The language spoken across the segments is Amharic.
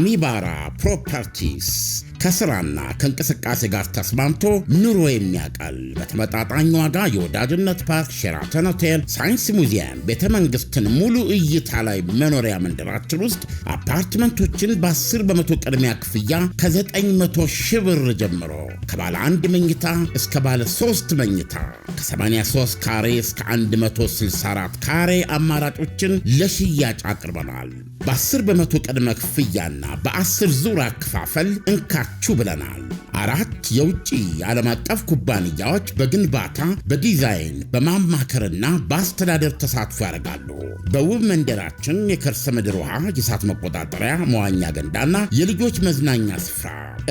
Amibara Properties ከስራና ከእንቅስቃሴ ጋር ተስማምቶ ኑሮ የሚያቀል በተመጣጣኝ ዋጋ የወዳጅነት ፓርክ፣ ሼራተን ሆቴል፣ ሳይንስ ሙዚየም፣ ቤተ መንግስትን ሙሉ እይታ ላይ መኖሪያ መንደራችን ውስጥ አፓርትመንቶችን በ10 በመቶ ቅድሚያ ክፍያ ከ900 ሺህ ብር ጀምሮ ከባለ አንድ መኝታ እስከ ባለ ሶስት መኝታ ከ83 ካሬ እስከ 164 ካሬ አማራጮችን ለሽያጭ አቅርበናል። በ10 በመቶ ቅድመ ክፍያና በ10 ዙር አከፋፈል እንካ ናችሁ ብለናል። አራት የውጭ ዓለም አቀፍ ኩባንያዎች በግንባታ በዲዛይን በማማከርና በአስተዳደር ተሳትፎ ያደርጋሉ። በውብ መንደራችን የከርሰ ምድር ውሃ፣ የእሳት መቆጣጠሪያ፣ መዋኛ ገንዳና የልጆች መዝናኛ ስፍራ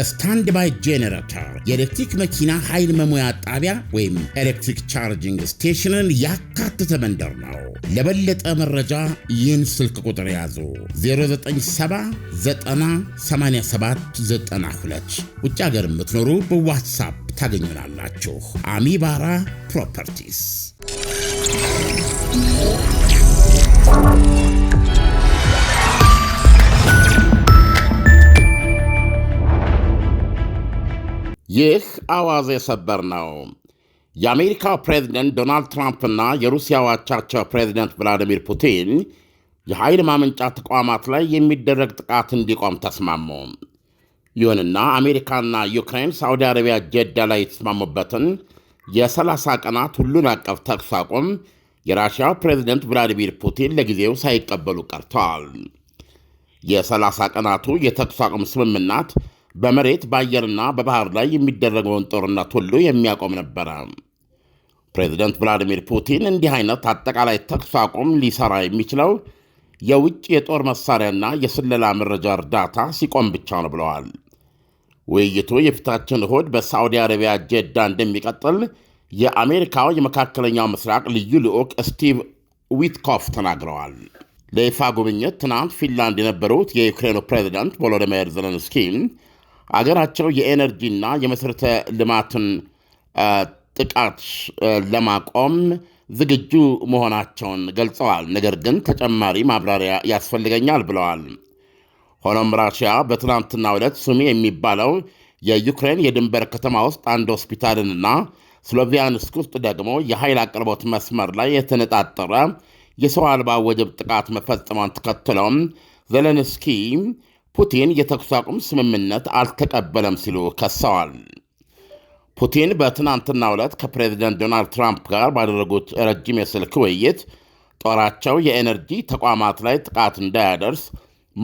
ስታንድ ባይ ጄኔሬተር የኤሌክትሪክ መኪና ኃይል መሙያ ጣቢያ ወይም ኤሌክትሪክ ቻርጅንግ ስቴሽንን ያካተተ መንደር ነው። ለበለጠ መረጃ ይህን ስልክ ቁጥር ያዙ 09798792 ውጭ ሀገር የምትኖሩ በዋትሳፕ ታገኙናላችሁ። አሚባራ ፕሮፐርቲስ ይህ አዋዜ ሰበር ነው። የአሜሪካው ፕሬዝደንት ዶናልድ ትራምፕና የሩሲያ ዋቻቸው ፕሬዝደንት ቭላዲሚር ፑቲን የኃይል ማመንጫ ተቋማት ላይ የሚደረግ ጥቃት እንዲቆም ተስማሙ። ይሁንና አሜሪካና ዩክሬን ሳዑዲ አረቢያ ጀዳ ላይ የተስማሙበትን የ30 ቀናት ሁሉን አቀፍ ተኩስ አቁም የራሽያው ፕሬዝደንት ቭላዲሚር ፑቲን ለጊዜው ሳይቀበሉ ቀርተዋል። የ30 ቀናቱ የተኩስ አቁም ስምምናት በመሬት በአየርና በባህር ላይ የሚደረገውን ጦርነት ሁሉ የሚያቆም ነበረ። ፕሬዚደንት ቭላዲሚር ፑቲን እንዲህ አይነት አጠቃላይ ተኩስ አቁም ሊሰራ የሚችለው የውጭ የጦር መሳሪያና የስለላ መረጃ እርዳታ ሲቆም ብቻ ነው ብለዋል። ውይይቱ የፊታችን እሁድ በሳዑዲ አረቢያ ጄዳ እንደሚቀጥል የአሜሪካው የመካከለኛው ምስራቅ ልዩ ልዑክ ስቲቭ ዊትኮፍ ተናግረዋል። ለይፋ ጉብኝት ትናንት ፊንላንድ የነበሩት የዩክሬኑ ፕሬዚደንት ቮሎዲሚር ዘለንስኪ አገራቸው የኤነርጂና የመሠረተ ልማትን ጥቃት ለማቆም ዝግጁ መሆናቸውን ገልጸዋል። ነገር ግን ተጨማሪ ማብራሪያ ያስፈልገኛል ብለዋል። ሆኖም ራሽያ በትናንትና ዕለት ሱሚ የሚባለው የዩክሬን የድንበር ከተማ ውስጥ አንድ ሆስፒታልንና ስሎቪያንስክ ውስጥ ደግሞ የኃይል አቅርቦት መስመር ላይ የተነጣጠረ የሰው አልባ ወጀብ ጥቃት መፈጸሟን ተከትለውም ዘለንስኪ ፑቲን የተኩስ አቁም ስምምነት አልተቀበለም ሲሉ ከሰዋል። ፑቲን በትናንትናው ዕለት ከፕሬዚደንት ዶናልድ ትራምፕ ጋር ባደረጉት ረጅም የስልክ ውይይት ጦራቸው የኤነርጂ ተቋማት ላይ ጥቃት እንዳያደርስ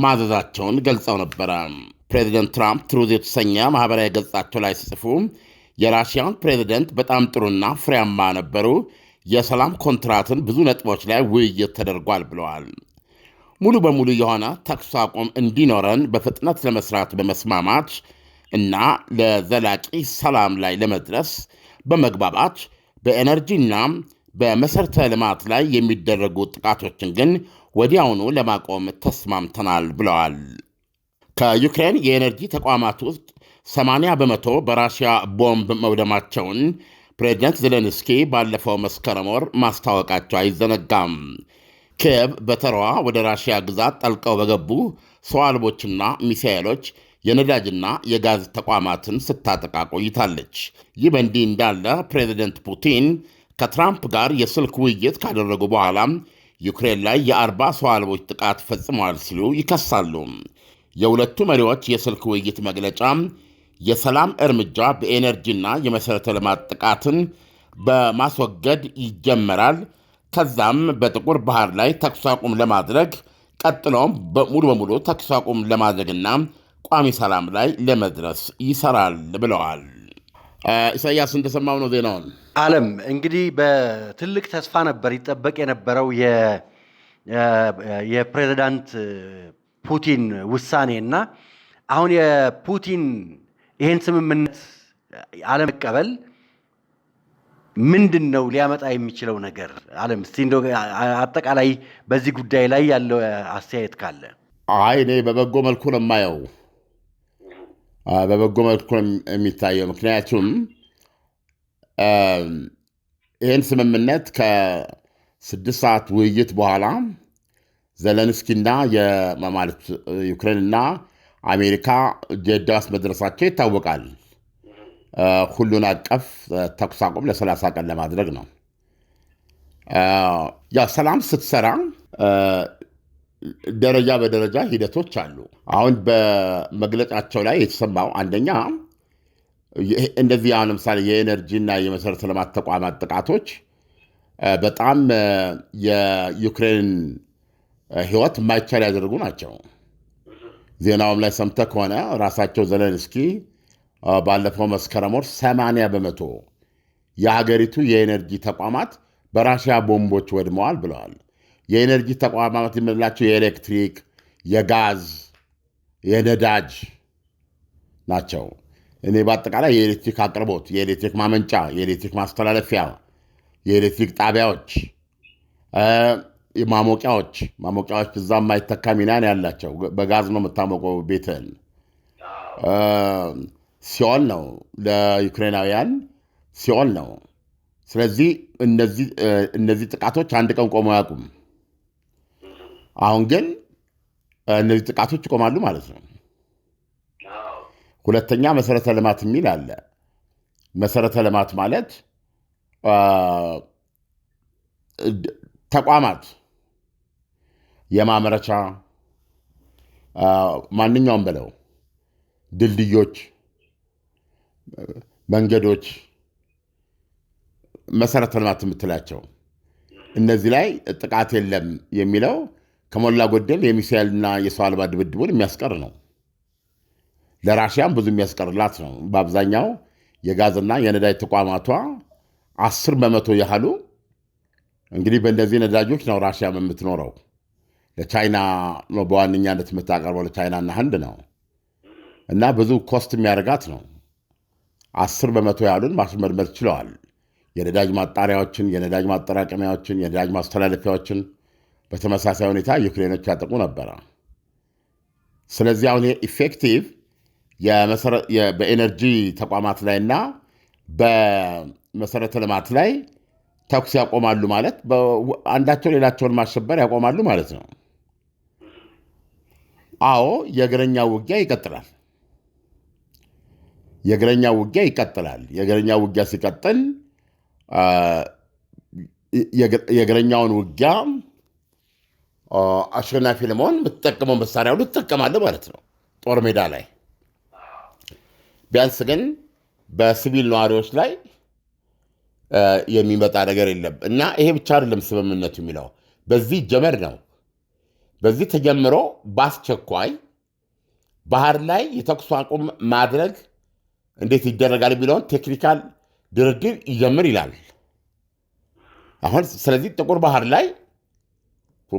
ማዘዛቸውን ገልጸው ነበረ። ፕሬዚደንት ትራምፕ ትሩዝ የተሰኘ ማኅበራዊ ገጻቸው ላይ ሲጽፉ የራሽያን ፕሬዚደንት በጣም ጥሩና ፍሬያማ ነበሩ፣ የሰላም ኮንትራትን ብዙ ነጥቦች ላይ ውይይት ተደርጓል ብለዋል። ሙሉ በሙሉ የሆነ ተኩስ አቁም እንዲኖረን በፍጥነት ለመስራት በመስማማት እና ለዘላቂ ሰላም ላይ ለመድረስ በመግባባት በኤነርጂና በመሠረተ ልማት ላይ የሚደረጉ ጥቃቶችን ግን ወዲያውኑ ለማቆም ተስማምተናል ብለዋል። ከዩክሬን የኤነርጂ ተቋማት ውስጥ 80 በመቶ በራሽያ ቦምብ መውደማቸውን ፕሬዚደንት ዜሌንስኪ ባለፈው መስከረም ወር ማስታወቃቸው አይዘነጋም። ኪየቭ በተሯ ወደ ራሽያ ግዛት ጠልቀው በገቡ ሰው አልቦችና ሚሳኤሎች የነዳጅና የጋዝ ተቋማትን ስታጠቃ ቆይታለች። ይህ በእንዲህ እንዳለ ፕሬዚደንት ፑቲን ከትራምፕ ጋር የስልክ ውይይት ካደረጉ በኋላ ዩክሬን ላይ የአርባ ሰው አልቦች ጥቃት ፈጽመዋል ሲሉ ይከሳሉ። የሁለቱ መሪዎች የስልክ ውይይት መግለጫ የሰላም እርምጃ በኤነርጂና የመሠረተ ልማት ጥቃትን በማስወገድ ይጀመራል ከዛም በጥቁር ባህር ላይ ተኩስ አቁም ለማድረግ ቀጥሎም ሙሉ በሙሉ ተኩስ አቁም ለማድረግና ቋሚ ሰላም ላይ ለመድረስ ይሰራል ብለዋል። ኢሳያስ እንደሰማው ነው ዜናውን። አለም እንግዲህ በትልቅ ተስፋ ነበር ይጠበቅ የነበረው የፕሬዚዳንት ፑቲን ውሳኔ እና አሁን የፑቲን ይህን ስምምነት አለመቀበል ምንድን ነው ሊያመጣ የሚችለው ነገር? አለም እስቲ እንደው አጠቃላይ በዚህ ጉዳይ ላይ ያለው አስተያየት ካለ። አይ እኔ በበጎ መልኩ ነው የማየው፣ በበጎ መልኩ የሚታየው። ምክንያቱም ይህን ስምምነት ከስድስት ሰዓት ውይይት በኋላ ዘለንስኪና ማለት ዩክሬንና አሜሪካ ጀዳስ መድረሳቸው ይታወቃል። ሁሉን አቀፍ ተኩስ አቁም ለ30 ቀን ለማድረግ ነው። ያ ሰላም ስትሰራ ደረጃ በደረጃ ሂደቶች አሉ። አሁን በመግለጫቸው ላይ የተሰማው አንደኛ እንደዚህ አሁን ለምሳሌ የኤነርጂና የመሰረተ ልማት ተቋማት ጥቃቶች በጣም የዩክሬን ሕይወት የማይቻል ያደርጉ ናቸው። ዜናውም ላይ ሰምተህ ከሆነ ራሳቸው ዘለንስኪ ባለፈው መስከረም ወር 80 በመቶ የሀገሪቱ የኤነርጂ ተቋማት በራሽያ ቦምቦች ወድመዋል ብለዋል። የኤነርጂ ተቋማት የምንላቸው የኤሌክትሪክ፣ የጋዝ፣ የነዳጅ ናቸው። እኔ በአጠቃላይ የኤሌክትሪክ አቅርቦት፣ የኤሌክትሪክ ማመንጫ፣ የኤሌክትሪክ ማስተላለፊያ፣ የኤሌክትሪክ ጣቢያዎች፣ ማሞቂያዎች ማሞቂያዎች እዛ የማይተካ ሚና ያላቸው በጋዝ ነው የምታሞቀው ቤትን ሲኦል ነው፣ ለዩክሬናውያን ሲኦል ነው። ስለዚህ እነዚህ ጥቃቶች አንድ ቀን ቆመው አያውቁም። አሁን ግን እነዚህ ጥቃቶች ይቆማሉ ማለት ነው። ሁለተኛ መሰረተ ልማት የሚል አለ። መሰረተ ልማት ማለት ተቋማት የማምረቻ ማንኛውም ብለው ድልድዮች መንገዶች፣ መሰረተ ልማት የምትላቸው እነዚህ ላይ ጥቃት የለም የሚለው ከሞላ ጎደል የሚሳኤልና የሰው አልባ ድብድቡን የሚያስቀር ነው። ለራሽያም ብዙ የሚያስቀርላት ነው። በአብዛኛው የጋዝና የነዳጅ ተቋማቷ አስር በመቶ ያህሉ እንግዲህ በእነዚህ ነዳጆች ነው ራሽያ የምትኖረው። ለቻይና ነው በዋነኛነት የምታቀርበው፣ ለቻይናና ህንድ ነው እና ብዙ ኮስት የሚያደርጋት ነው። አስር በመቶ ያሉን ማስመርመር ችለዋል። የነዳጅ ማጣሪያዎችን፣ የነዳጅ ማጠራቀሚያዎችን፣ የነዳጅ ማስተላለፊያዎችን በተመሳሳይ ሁኔታ ዩክሬኖች ያጠቁ ነበረ። ስለዚህ አሁን ኢፌክቲቭ በኤነርጂ ተቋማት ላይ እና በመሰረተ ልማት ላይ ተኩስ ያቆማሉ ማለት አንዳቸው ሌላቸውን ማሸበር ያቆማሉ ማለት ነው። አዎ የእግረኛ ውጊያ ይቀጥላል። የእግረኛ ውጊያ ይቀጥላል። የእግረኛ ውጊያ ሲቀጥል የእግረኛውን ውጊያ አሸናፊ ለመሆን የምትጠቀመው መሳሪያ ሁሉ ትጠቀማለህ ማለት ነው ጦር ሜዳ ላይ። ቢያንስ ግን በሲቪል ነዋሪዎች ላይ የሚመጣ ነገር የለም እና ይሄ ብቻ አይደለም ስምምነቱ የሚለው በዚህ ጀመር ነው። በዚህ ተጀምሮ በአስቸኳይ ባህር ላይ የተኩስ አቁም ማድረግ እንዴት ይደረጋል የሚለውን ቴክኒካል ድርድር ይጀምር ይላል። አሁን ስለዚህ ጥቁር ባህር ላይ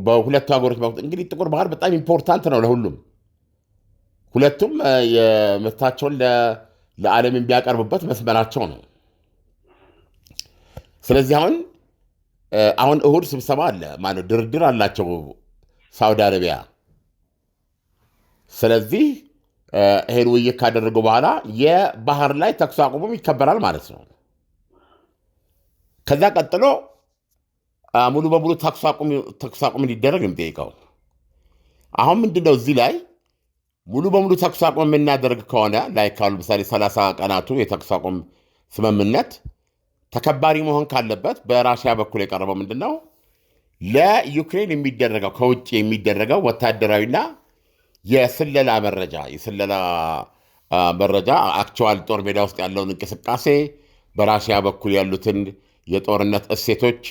በሁለቱ ሀገሮች እንግዲህ ጥቁር ባህር በጣም ኢምፖርታንት ነው ለሁሉም። ሁለቱም ምርታቸውን ለዓለም የሚያቀርቡበት መስመራቸው ነው። ስለዚህ አሁን አሁን እሁድ ስብሰባ አለ ማለት ድርድር አላቸው ሳውዲ አረቢያ። ስለዚህ ይሄን ውይይት ካደረጉ በኋላ የባህር ላይ ተኩስ አቁሙም ይከበራል ማለት ነው። ከዛ ቀጥሎ ሙሉ በሙሉ ተኩስ አቁም እንዲደረግ የሚጠይቀው አሁን ምንድነው እዚህ ላይ ሙሉ በሙሉ ተኩስ አቁም የምናደርግ ከሆነ ላይ ካሉ ምሳሌ 30 ቀናቱ የተኩስ አቁም ስምምነት ተከባሪ መሆን ካለበት በራሽያ በኩል የቀረበው ምንድነው። ለዩክሬን የሚደረገው ከውጭ የሚደረገው ወታደራዊና የስለላ መረጃ የስለላ መረጃ አክቸዋል ጦር ሜዳ ውስጥ ያለውን እንቅስቃሴ በራሽያ በኩል ያሉትን የጦርነት እሴቶች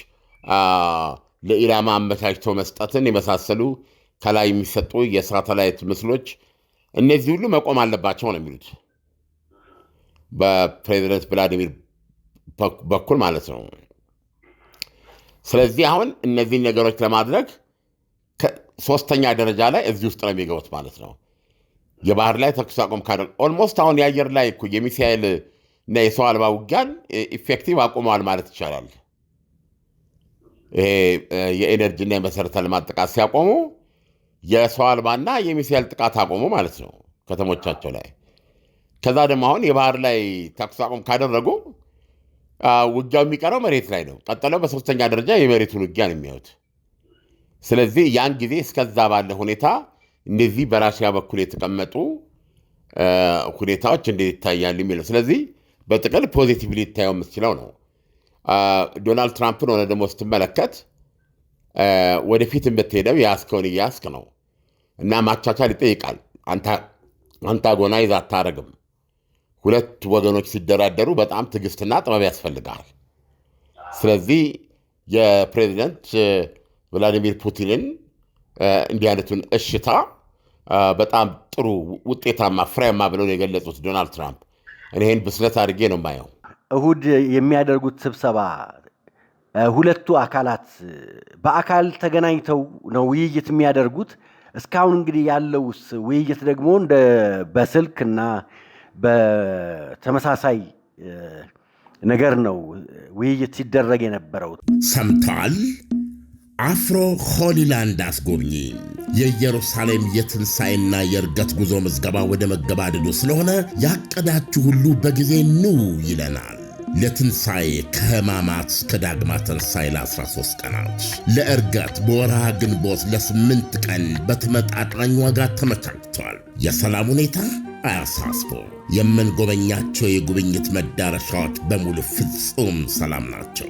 ለኢላማ አመቻችቶ መስጠትን የመሳሰሉ ከላይ የሚሰጡ የሳተላይት ምስሎች እነዚህ ሁሉ መቆም አለባቸው ነው የሚሉት በፕሬዚደንት ቭላዲሚር በኩል ማለት ነው። ስለዚህ አሁን እነዚህን ነገሮች ለማድረግ ሶስተኛ ደረጃ ላይ እዚህ ውስጥ ነው የሚገቡት ማለት ነው። የባህር ላይ ተኩስ አቁም ካደ ኦልሞስት አሁን የአየር ላይ እኮ የሚሳኤል እና የሰው አልባ ውጊያን ኢፌክቲቭ አቁመዋል ማለት ይቻላል። ይሄ የኤነርጂና የመሰረተ ልማት ጥቃት ሲያቆሙ የሰው አልባና የሚሳኤል ጥቃት አቆሙ ማለት ነው ከተሞቻቸው ላይ። ከዛ ደግሞ አሁን የባህር ላይ ተኩስ አቁም ካደረጉ ውጊያው የሚቀረው መሬት ላይ ነው። ቀጥለው በሶስተኛ ደረጃ የመሬቱን ውጊያ ነው የሚያዩት። ስለዚህ ያን ጊዜ እስከዛ ባለ ሁኔታ እንደዚህ በራሽያ በኩል የተቀመጡ ሁኔታዎች እንዴት ይታያሉ የሚለው ስለዚህ በጥቅል ፖዚቲቭ ሊታየው የምትችለው ነው። ዶናልድ ትራምፕን ሆነ ደግሞ ስትመለከት ወደፊት የምትሄደው የያዝከውን እያያዝክ ነው እና ማቻቻል ይጠይቃል። አንታጎናይዝ አታረግም። ሁለት ወገኖች ሲደራደሩ በጣም ትዕግስትና ጥበብ ያስፈልጋል። ስለዚህ የፕሬዚደንት ቭላዲሚር ፑቲንን እንዲህ አይነቱን እሽታ በጣም ጥሩ ውጤታማ ፍሬያማ ብለው የገለጹት ዶናልድ ትራምፕ እኔህን ብስለት አድርጌ ነው የማየው። እሁድ የሚያደርጉት ስብሰባ ሁለቱ አካላት በአካል ተገናኝተው ነው ውይይት የሚያደርጉት። እስካሁን እንግዲህ ያለውስ ውይይት ደግሞ እንደ በስልክ እና በተመሳሳይ ነገር ነው ውይይት ሲደረግ የነበረው። ሰምተዋል። አፍሮ ሆሊላንድ አስጎብኚ የኢየሩሳሌም የትንሣኤና የእርገት ጉዞ ምዝገባ ወደ መገባደዱ ስለሆነ ያቀዳችሁ ሁሉ በጊዜ ኑ ይለናል። ለትንሣኤ ከህማማት እስከ ዳግማ ትንሣኤ ለ13 ቀናት ለእርገት በወርሃ ግንቦት ለ ለ8 ቀን በተመጣጣኝ ዋጋ ተመቻችቷል። የሰላም ሁኔታ አያሳስቦ የምንጎበኛቸው የጉብኝት መዳረሻዎች በሙሉ ፍጹም ሰላም ናቸው።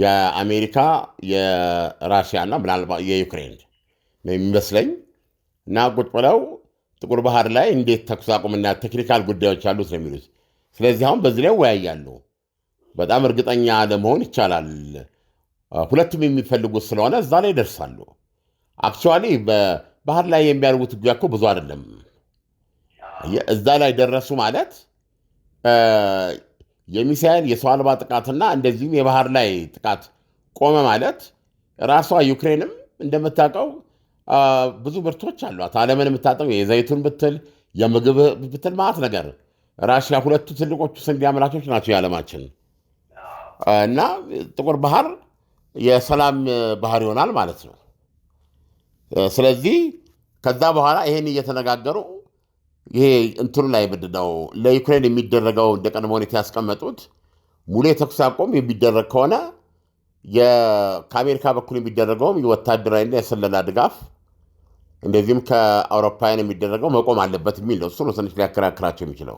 የአሜሪካ የራሽያና ምናልባት የዩክሬን ነው የሚመስለኝ እና ቁጭ ብለው ጥቁር ባህር ላይ እንዴት ተኩስ አቁምና ቴክኒካል ጉዳዮች አሉት ነው የሚሉት። ስለዚህ አሁን በዚህ ላይ ወያያሉ። በጣም እርግጠኛ ለመሆን ይቻላል። ሁለቱም የሚፈልጉት ስለሆነ እዛ ላይ ይደርሳሉ። አክቹዋሊ በባህር ላይ የሚያደርጉት ጉያ እኮ ብዙ አይደለም። እዛ ላይ ደረሱ ማለት የሚሳኤል የሰው አልባ ጥቃትና እንደዚሁም የባህር ላይ ጥቃት ቆመ ማለት ራሷ ዩክሬንም እንደምታውቀው ብዙ ምርቶች አሏት። ዓለምን የምታጠው የዘይቱን ብትል የምግብ ብትል ማለት ነገር ራሽያ ሁለቱ ትልቆቹ ስንዴ አምራቾች ናቸው የዓለማችን እና ጥቁር ባህር የሰላም ባህር ይሆናል ማለት ነው። ስለዚህ ከዛ በኋላ ይሄን እየተነጋገሩ ይሄ እንትኑ ላይ ምንድን ነው ለዩክሬን የሚደረገው እንደ ቀድሞ ሁኔታ ያስቀመጡት ሙሉ የተኩስ አቁም የሚደረግ ከሆነ ከአሜሪካ በኩል የሚደረገውም የወታደራዊና የስለላ ድጋፍ እንደዚህም ከአውሮፓውያን የሚደረገው መቆም አለበት የሚል ነው። እሱ ነው ትንሽ ሊያከራክራቸው የሚችለው።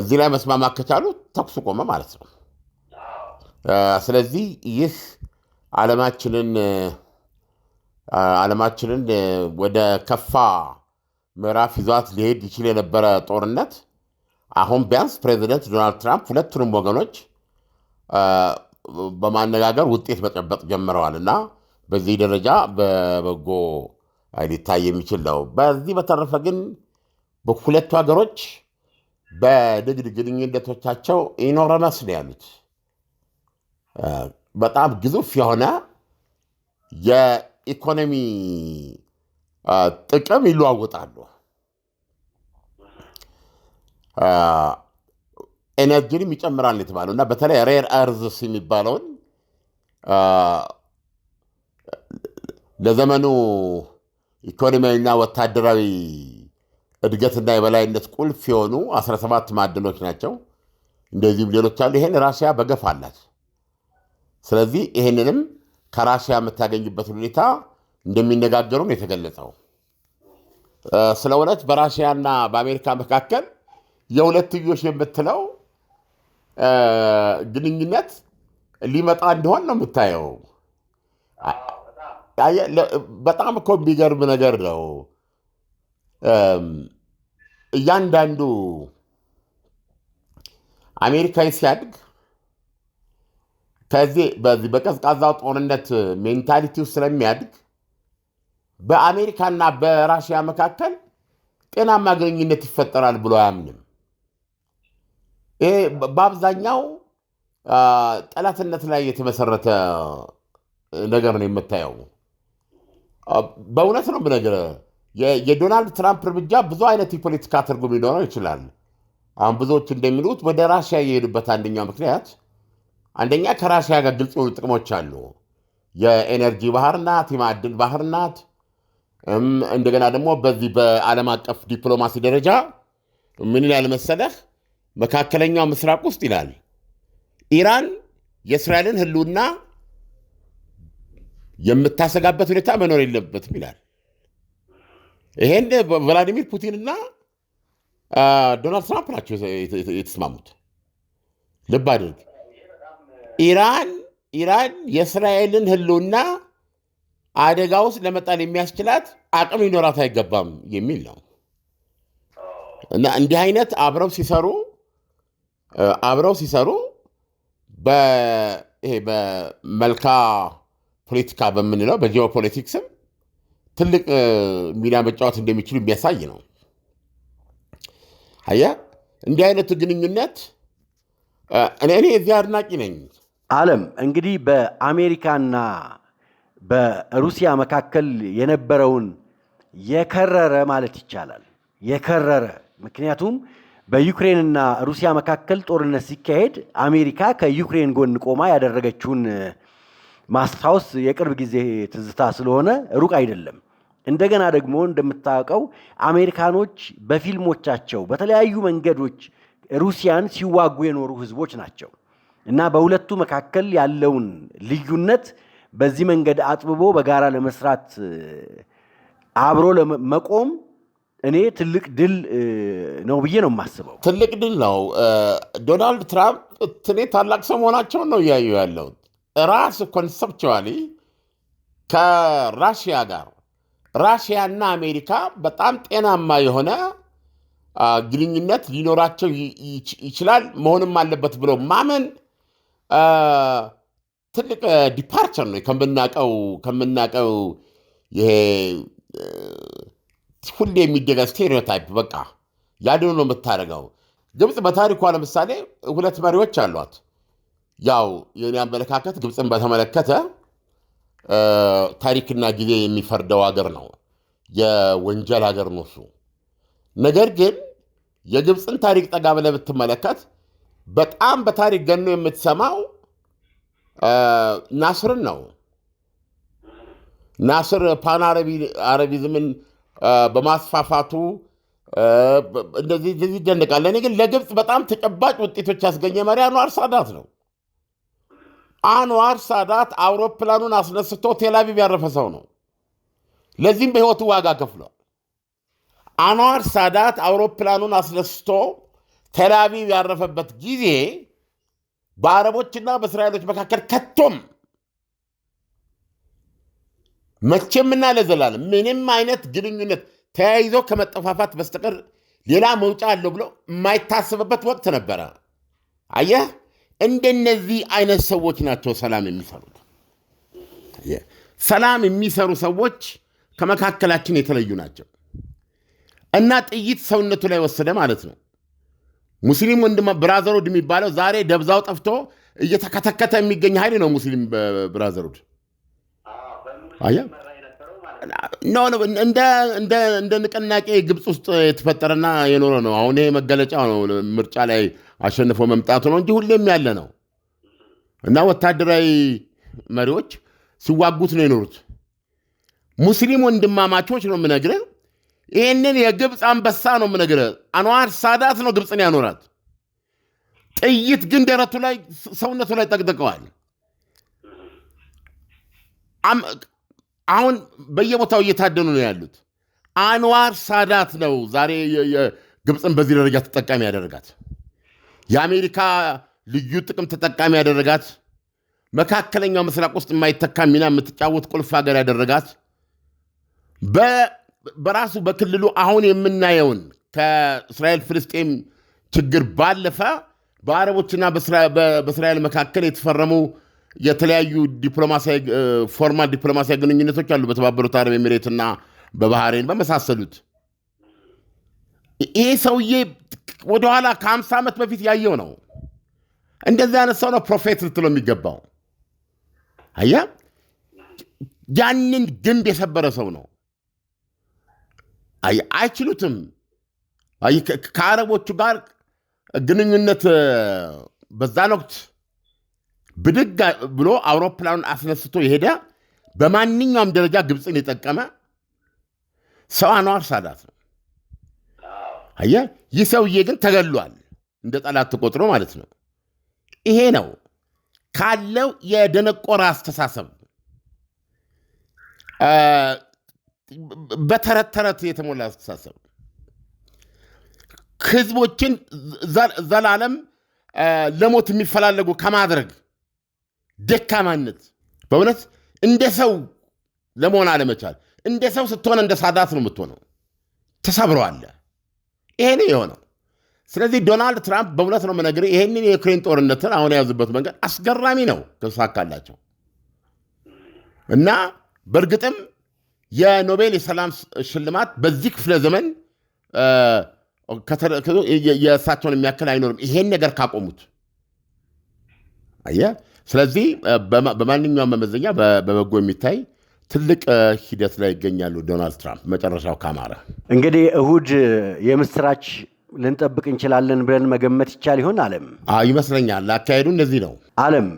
እዚህ ላይ መስማማት ከቻሉ ተኩሱ ቆመ ማለት ነው። ስለዚህ ይህ ዓለማችንን ዓለማችንን ወደ ከፋ ምዕራፍ ይዟት ሊሄድ ይችል የነበረ ጦርነት አሁን ቢያንስ ፕሬዚደንት ዶናልድ ትራምፕ ሁለቱንም ወገኖች በማነጋገር ውጤት መጨበጥ ጀምረዋል እና በዚህ ደረጃ በበጎ ሊታይ የሚችል ነው። በዚህ በተረፈ ግን በሁለቱ ሀገሮች በንግድ ግንኙነቶቻቸው ኢኖረመስ ነው ያሉት በጣም ግዙፍ የሆነ የኢኮኖሚ ጥቅም ይለዋወጣሉ። ኤነርጂንም ይጨምራል የተባለው እና በተለይ ሬር አርዝስ የሚባለውን ለዘመኑ ኢኮኖሚያዊና ወታደራዊ እድገትና የበላይነት ቁልፍ የሆኑ 17 ማዕድኖች ናቸው። እንደዚሁም ሌሎች አሉ። ይህን ራሽያ በገፍ አላት። ስለዚህ ይህንንም ከራሽያ የምታገኝበት ሁኔታ እንደሚነጋገሩም የተገለጸው። ስለ እውነት በራሽያና በአሜሪካ መካከል የሁለትዮሽ የምትለው ግንኙነት ሊመጣ እንደሆን ነው የምታየው። በጣም እኮ የሚገርም ነገር ነው። እያንዳንዱ አሜሪካዊ ሲያድግ ከዚህ በዚህ በቀዝቃዛው ጦርነት ሜንታሊቲው ስለሚያድግ በአሜሪካና በራሽያ መካከል ጤናማ ግንኙነት ይፈጠራል ብሎ አያምንም። ይሄ በአብዛኛው ጠላትነት ላይ የተመሰረተ ነገር ነው የምታየው። በእውነት ነው የምነግርህ። የዶናልድ ትራምፕ እርምጃ ብዙ አይነት የፖለቲካ ትርጉም ሊኖረው ይችላል። አሁን ብዙዎች እንደሚሉት ወደ ራሽያ የሄዱበት አንደኛው ምክንያት አንደኛ ከራሽያ ጋር ግልጽ የሆኑ ጥቅሞች አሉ። የኤነርጂ ባህርናት። የማዕድን ባህርናት፣ እንደገና ደግሞ በዚህ በዓለም አቀፍ ዲፕሎማሲ ደረጃ ምን ይላል መሰለህ? መካከለኛው ምስራቅ ውስጥ ይላል ኢራን የእስራኤልን ህልውና የምታሰጋበት ሁኔታ መኖር የለበትም ይላል። ይሄን ቭላዲሚር ፑቲንና ዶናልድ ትራምፕ ናቸው የተስማሙት። ልብ አድርግ። ኢራን ኢራን የእስራኤልን ህልውና አደጋ ውስጥ ለመጣል የሚያስችላት አቅም ሊኖራት አይገባም የሚል ነው እና እንዲህ አይነት አብረው ሲሰሩ አብረው ሲሰሩ በመልካ ፖለቲካ በምንለው በጂኦፖለቲክስም ትልቅ ሚና መጫወት እንደሚችሉ የሚያሳይ ነው። አየህ እንዲህ አይነቱ ግንኙነት እኔ እዚህ አድናቂ ነኝ። አለም እንግዲህ በአሜሪካና በሩሲያ መካከል የነበረውን የከረረ ማለት ይቻላል የከረረ ምክንያቱም በዩክሬንና ሩሲያ መካከል ጦርነት ሲካሄድ አሜሪካ ከዩክሬን ጎን ቆማ ያደረገችውን ማስታወስ የቅርብ ጊዜ ትዝታ ስለሆነ ሩቅ አይደለም። እንደገና ደግሞ እንደምታውቀው አሜሪካኖች በፊልሞቻቸው በተለያዩ መንገዶች ሩሲያን ሲዋጉ የኖሩ ህዝቦች ናቸው እና በሁለቱ መካከል ያለውን ልዩነት በዚህ መንገድ አጥብቦ በጋራ ለመስራት አብሮ መቆም እኔ ትልቅ ድል ነው ብዬ ነው የማስበው። ትልቅ ድል ነው። ዶናልድ ትራምፕ እኔ ታላቅ ሰው መሆናቸውን ነው እያዩ ያለሁት። ራስ ኮንሰፕቹዋሊ ከራሽያ ጋር እና አሜሪካ በጣም ጤናማ የሆነ ግንኙነት ሊኖራቸው ይችላል መሆንም አለበት ብሎ ማመን ትልቅ ዲፓርቸር ነው ከምናቀው ከምናቀው ይሄ ሁሌ የሚደጋ ስቴሪዮታይፕ በቃ ያድኑ ነው የምታደርገው። ግብፅ በታሪኳ ለምሳሌ ሁለት መሪዎች አሏት። ያው የኔ አመለካከት ግብፅን በተመለከተ ታሪክና ጊዜ የሚፈርደው ሀገር ነው። የወንጀል ሀገር ነው እሱ። ነገር ግን የግብፅን ታሪክ ጠጋ ብለህ ብትመለከት በጣም በታሪክ ገኖ የምትሰማው ናስርን ነው። ናስር ፓን አረቢዝምን በማስፋፋቱ እንደዚህ ይደንቃል። እኔ ግን ለግብፅ በጣም ተጨባጭ ውጤቶች ያስገኘ መሪ አንዋር ሳዳት ነው። አንዋር ሳዳት አውሮፕላኑን አስነስቶ ቴላቪቭ ያረፈ ሰው ነው። ለዚህም በሕይወቱ ዋጋ ከፍሏል። አንዋር ሳዳት አውሮፕላኑን አስነስቶ ቴላቪቭ ያረፈበት ጊዜ በአረቦችና በእስራኤሎች መካከል ከቶም መቼምና ለዘላለም ምንም አይነት ግንኙነት ተያይዞ ከመጠፋፋት በስተቀር ሌላ መውጫ አለው ብሎ የማይታሰብበት ወቅት ነበረ። አየህ፣ እንደነዚህ አይነት ሰዎች ናቸው ሰላም የሚሰሩት። ሰላም የሚሰሩ ሰዎች ከመካከላችን የተለዩ ናቸው እና ጥይት ሰውነቱ ላይ ወሰደ ማለት ነው። ሙስሊም ወንድማ ብራዘሩድ የሚባለው ዛሬ ደብዛው ጠፍቶ እየተከተከተ የሚገኝ ሀይል ነው። ሙስሊም ብራዘሩድ እንደ ንቅናቄ ግብፅ ውስጥ የተፈጠረና የኖረ ነው። አሁን ይሄ መገለጫ ነው፣ ምርጫ ላይ አሸንፎ መምጣቱ ነው እንጂ ሁሌም ያለ ነው እና ወታደራዊ መሪዎች ሲዋጉት ነው የኖሩት። ሙስሊም ወንድማማቾች ነው የምነግርህ ይህንን የግብፅ አንበሳ ነው የምነግርህ። አንዋር ሳዳት ነው ግብፅን ያኖራት። ጥይት ግን ደረቱ ላይ ሰውነቱ ላይ ጠቅጥቀዋል። አሁን በየቦታው እየታደኑ ነው ያሉት። አንዋር ሳዳት ነው ዛሬ ግብፅን በዚህ ደረጃ ተጠቃሚ ያደረጋት፣ የአሜሪካ ልዩ ጥቅም ተጠቃሚ ያደረጋት፣ መካከለኛው ምስራቅ ውስጥ የማይተካ ሚና የምትጫወት ቁልፍ ሀገር ያደረጋት በራሱ በክልሉ አሁን የምናየውን ከእስራኤል ፍልስጤም ችግር ባለፈ በአረቦችና በእስራኤል መካከል የተፈረሙ የተለያዩ ፎርማል ዲፕሎማሲያዊ ግንኙነቶች አሉ፣ በተባበሩት አረብ ኤሚሬትና በባህሬን በመሳሰሉት። ይሄ ሰውዬ ወደኋላ ከ ዓመት በፊት ያየው ነው። እንደዚህ አይነት ሰው ነው ፕሮፌት ልትለው የሚገባው። አያ ያንን ግንብ የሰበረ ሰው ነው። አይችሉትም። ከአረቦቹ ጋር ግንኙነት በዛን ወቅት ብድግ ብሎ አውሮፕላኑን አስነስቶ የሄደ በማንኛውም ደረጃ ግብፅን የጠቀመ ሰው አንዋር ሳዳት ነው። አየ ይህ ሰውዬ ግን ተገሏል፣ እንደ ጠላት ተቆጥሮ ማለት ነው። ይሄ ነው ካለው የደነቆረ አስተሳሰብ በተረት ተረት የተሞላ አስተሳሰብ ህዝቦችን ዘላለም ለሞት የሚፈላለጉ ከማድረግ ደካማነት፣ በእውነት እንደ ሰው ለመሆን አለመቻል። እንደ ሰው ስትሆነ እንደ ሳዳት ነው የምትሆነው። ተሰብረዋለ። ይሄ ነው የሆነው። ስለዚህ ዶናልድ ትራምፕ በእውነት ነው መነግር ይሄንን የዩክሬን ጦርነትን አሁን የያዙበት መንገድ አስገራሚ ነው ከሳካላቸው እና በእርግጥም የኖቤል የሰላም ሽልማት በዚህ ክፍለ ዘመን የእሳቸውን የሚያክል አይኖርም፣ ይሄን ነገር ካቆሙት። አየ። ስለዚህ በማንኛውም መመዘኛ በበጎ የሚታይ ትልቅ ሂደት ላይ ይገኛሉ ዶናልድ ትራምፕ። መጨረሻው ካማረ እንግዲህ እሁድ የምስራች ልንጠብቅ እንችላለን ብለን መገመት ይቻል ይሆን? አለም ይመስለኛል። አካሄዱ እንደዚህ ነው። አለም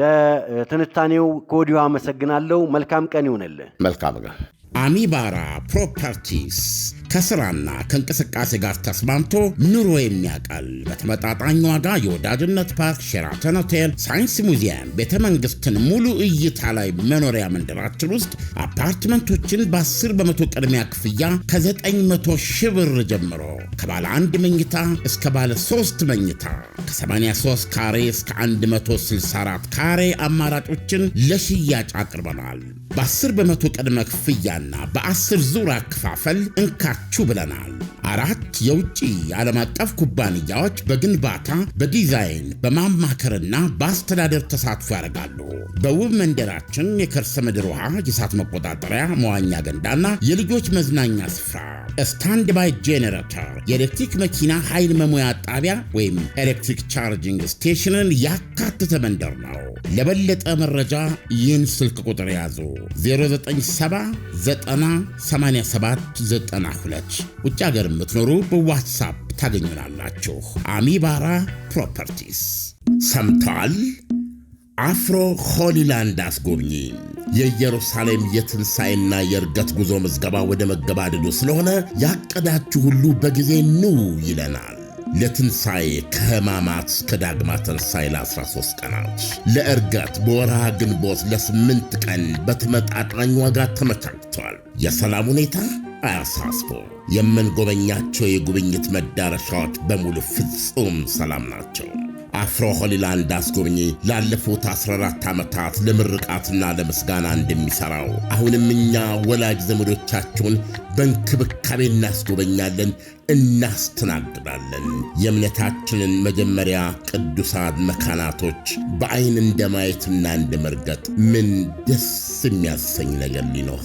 ለትንታኔው ከወዲሁ አመሰግናለሁ። መልካም ቀን ይሆንልህ። መልካም ቀን Amibara Properties ከስራና ከእንቅስቃሴ ጋር ተስማምቶ ኑሮ የሚያቀል በተመጣጣኝ ዋጋ የወዳጅነት ፓርክ፣ ሼራተን ሆቴል፣ ሳይንስ ሙዚየም፣ ቤተ መንግስትን ሙሉ እይታ ላይ መኖሪያ መንደራችን ውስጥ አፓርትመንቶችን በ10 በመቶ ቅድሚያ ክፍያ ከ900 ሺህ ብር ጀምሮ ከባለ አንድ መኝታ እስከ ባለ ሶስት መኝታ ከ83 ካሬ እስከ 164 ካሬ አማራጮችን ለሽያጭ አቅርበናል። በ10 በመቶ ቅድመ ክፍያና በ10 ዙር አከፋፈል እንካ ይስጣችሁ ብለናል። አራት የውጭ ዓለም አቀፍ ኩባንያዎች በግንባታ በዲዛይን በማማከርና በአስተዳደር ተሳትፎ ያደርጋሉ። በውብ መንደራችን የከርሰ ምድር ውሃ፣ የእሳት መቆጣጠሪያ፣ መዋኛ ገንዳና የልጆች መዝናኛ ስፍራ፣ ስታንድ ባይ ጄኔሬተር፣ የኤሌክትሪክ መኪና ኃይል መሙያ ጣቢያ ወይም ኤሌክትሪክ ቻርጂንግ ስቴሽንን ያካተተ መንደር ነው። ለበለጠ መረጃ ይህን ስልክ ቁጥር ያዙ 0979 ውጭ ሀገር ለምትኖሩ በዋትሳፕ ታገኙናላችሁ። አሚባራ ፕሮፐርቲስ ሰምተዋል። አፍሮ ሆሊላንድ አስጎብኚ የኢየሩሳሌም የትንሣኤና የእርገት ጉዞ ምዝገባ ወደ መገባደዱ ስለሆነ ያቀዳችሁ ሁሉ በጊዜ ኑ ይለናል። ለትንሣኤ ከህማማት እስከ ዳግማ ትንሣኤ ለ13 ቀናት፣ ለእርገት በወርሃ ግንቦት ለ ለ8 ቀን በተመጣጣኝ ዋጋ ተመቻችቷል። የሰላም ሁኔታ አያሳስቡ። የምንጎበኛቸው የጉብኝት መዳረሻዎች በሙሉ ፍጹም ሰላም ናቸው። አፍሮ ሆሊላንድ አስጎብኚ ላለፉት 14 ዓመታት ለምርቃትና ለምስጋና እንደሚሠራው አሁንም እኛ ወላጅ ዘመዶቻችሁን በእንክብካቤ እናስጎበኛለን፣ እናስተናግዳለን። የእምነታችንን መጀመሪያ ቅዱሳት መካናቶች በዐይን እንደ ማየትና እንደ መርገጥ ምን ደስ የሚያሰኝ ነገር ሊኖር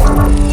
Bye.